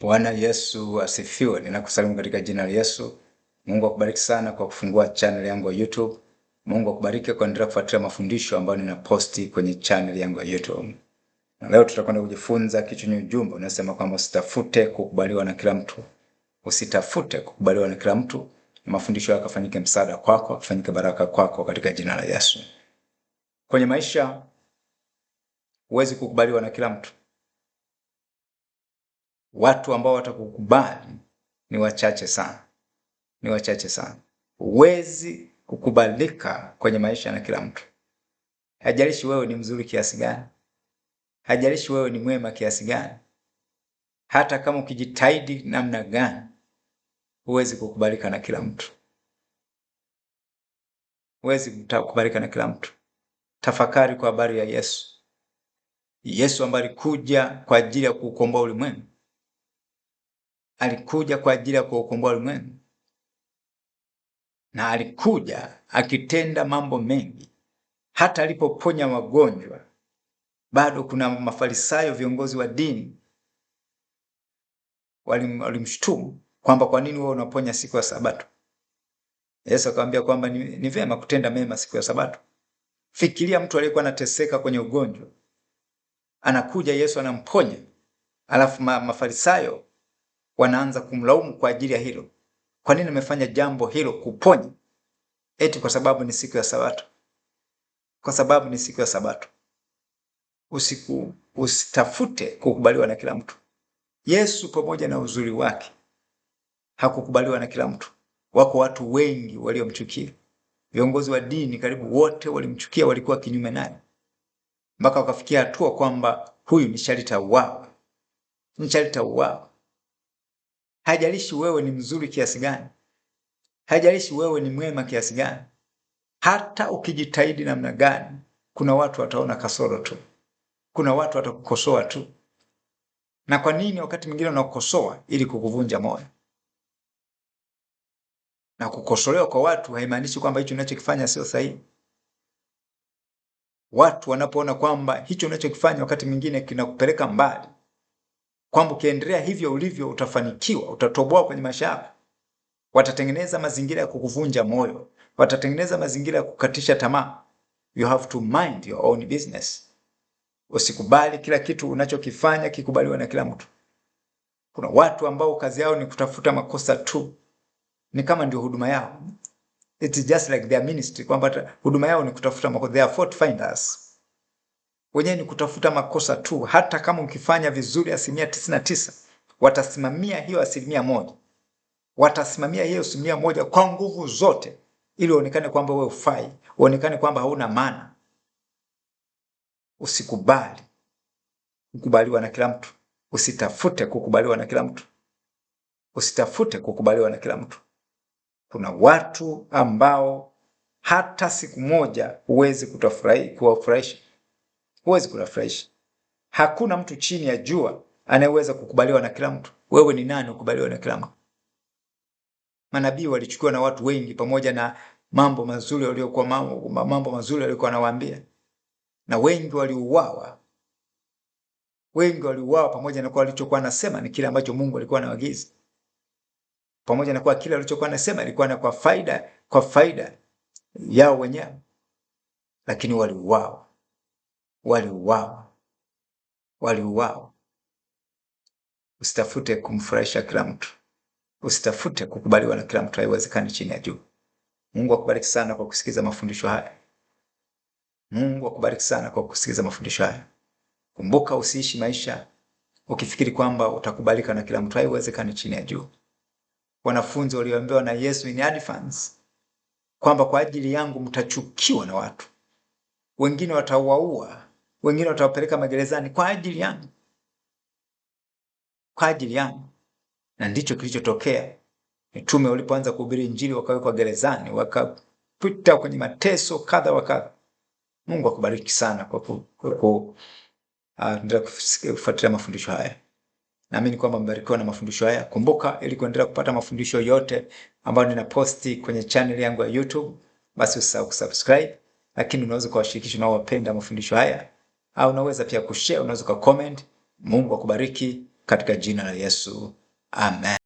Bwana Yesu asifiwe. Ninakusalimu katika jina la Yesu. Mungu akubariki sana kwa kufungua channel yangu ya YouTube. Mungu akubariki kwa kuendelea kufuatilia mafundisho ambayo ninaposti kwenye channel yangu ya YouTube. Na leo tutakwenda kujifunza kichwa cha ujumbe unasema kwamba usitafute kukubaliwa na kila mtu. Usitafute kukubaliwa na kila mtu. Mafundisho yako afanyike msaada kwako, afanyike baraka kwako katika jina la Yesu. Kwenye maisha huwezi kukubaliwa na kila mtu watu ambao watakukubali ni wachache sana, ni wachache sana. Huwezi kukubalika kwenye maisha na kila mtu, hajalishi wewe ni mzuri kiasi gani, hajalishi wewe ni mwema kiasi gani, hata kama ukijitahidi namna gani, huwezi kukubalika na kila mtu, huwezi kukubalika na kila mtu. Tafakari kwa habari ya Yesu, Yesu ambaye alikuja kwa ajili ya kuukomboa ulimwengu alikuja kwa ajili ya kuukomboa ulimwengu, na alikuja akitenda mambo mengi. Hata alipoponya wagonjwa, bado kuna Mafarisayo, viongozi wa dini, walimshtumu kwamba kwa nini wewe unaponya siku ya Sabato? Yesu akamwambia kwamba ni, ni vema kutenda mema siku ya Sabato. Fikiria mtu aliyekuwa anateseka kwenye ugonjwa, anakuja Yesu anamponya, alafu ma, Mafarisayo wanaanza kumlaumu kwa ajili ya hilo. Kwa nini amefanya jambo hilo kuponya? Eti kwa sababu ni siku ya Sabato, kwa sababu ni siku ya Sabato. Usiku usitafute kukubaliwa na kila mtu. Yesu pamoja na uzuri wake hakukubaliwa na kila mtu. Wako watu wengi waliomchukia. Viongozi wa dini karibu wote walimchukia, walikuwa kinyume naye, mpaka wakafikia hatua kwamba huyu ni sharita wao, ni sharita wao. Haijalishi wewe ni mzuri kiasi gani, haijalishi wewe ni mwema kiasi gani, hata ukijitahidi namna gani, kuna watu wataona kasoro tu, kuna watu watakukosoa tu. Na kwa nini wakati mwingine unakosoa? Ili kukuvunja moyo. Na kukosolewa kwa watu haimaanishi kwamba hicho unachokifanya sio sahihi. Watu wanapoona kwamba hicho unachokifanya wakati mwingine kinakupeleka mbali, kwamba ukiendelea hivyo ulivyo utafanikiwa, utatoboa kwenye maisha yako. Watatengeneza mazingira ya kukuvunja moyo, watatengeneza mazingira ya kukatisha tamaa. You have to mind your own business. Usikubali kila kitu unachokifanya kikubaliwe na kila mtu. Kuna watu ambao kazi yao ni kutafuta makosa tu, ni kama ndio huduma yao. It's just like their ministry, kwamba huduma yao ni kutafuta makosa. They are fault finders wenyewe ni kutafuta makosa tu. Hata kama ukifanya vizuri asilimia tisini na tisa, watasimamia hiyo asilimia moja, watasimamia hiyo asilimia moja kwa nguvu zote, ili uonekane kwamba wewe ufai, uonekane kwamba hauna maana. Usikubali kukubaliwa na kila mtu, usitafute kukubaliwa na kila mtu, usitafute kukubaliwa na kila mtu. Kuna watu ambao hata siku moja huwezi kuwafurahisha huwezi kurefresh. Hakuna mtu chini ya jua anayeweza kukubaliwa na kila mtu. Wewe ni nani ukubaliwa na kila mtu? Manabii walichukiwa na watu wengi, pamoja na mambo mazuri waliokuwa mambo, mambo mazuri waliokuwa anawaambia, na wengi waliuawa. Wengi waliuawa pamoja na kwa walichokuwa anasema ni kile ambacho Mungu alikuwa anawagiza, pamoja na kwa kile alichokuwa anasema ilikuwa na kwa faida, kwa faida yao wenyewe, lakini waliuawa waliuawa, waliuawa. Usitafute kumfurahisha kila mtu, usitafute kukubaliwa na kila mtu, haiwezekani chini ya juu. Mungu akubariki sana kwa kusikiza mafundisho haya. Mungu akubariki sana kwa kusikiza mafundisho haya. Kumbuka, usiishi maisha ukifikiri kwamba utakubalika na kila mtu, haiwezekani chini ya juu. Wanafunzi walioambiwa na Yesu in advance kwamba kwa ajili yangu mtachukiwa na watu wengine, watawaua wengine watawapeleka magerezani kwa ajili yangu, kwa ajili yangu. Na ndicho kilichotokea. Mitume walipoanza kuhubiri Injili wakawekwa gerezani, wakapita kwenye mateso kadha wa kadha. Mungu akubariki sana kwa kuendelea ah, kufuatilia mafundisho haya. Naamini kwamba mbarikiwa na mafundisho haya. Kumbuka, ili kuendelea kupata mafundisho yote ambayo ninaposti kwenye channel yangu ya YouTube, basi usisahau kusubscribe, lakini unaweza kuwashirikisha unaowapenda mafundisho haya au unaweza pia kushare, unaweza uka comment. Mungu akubariki katika jina la Yesu, amen.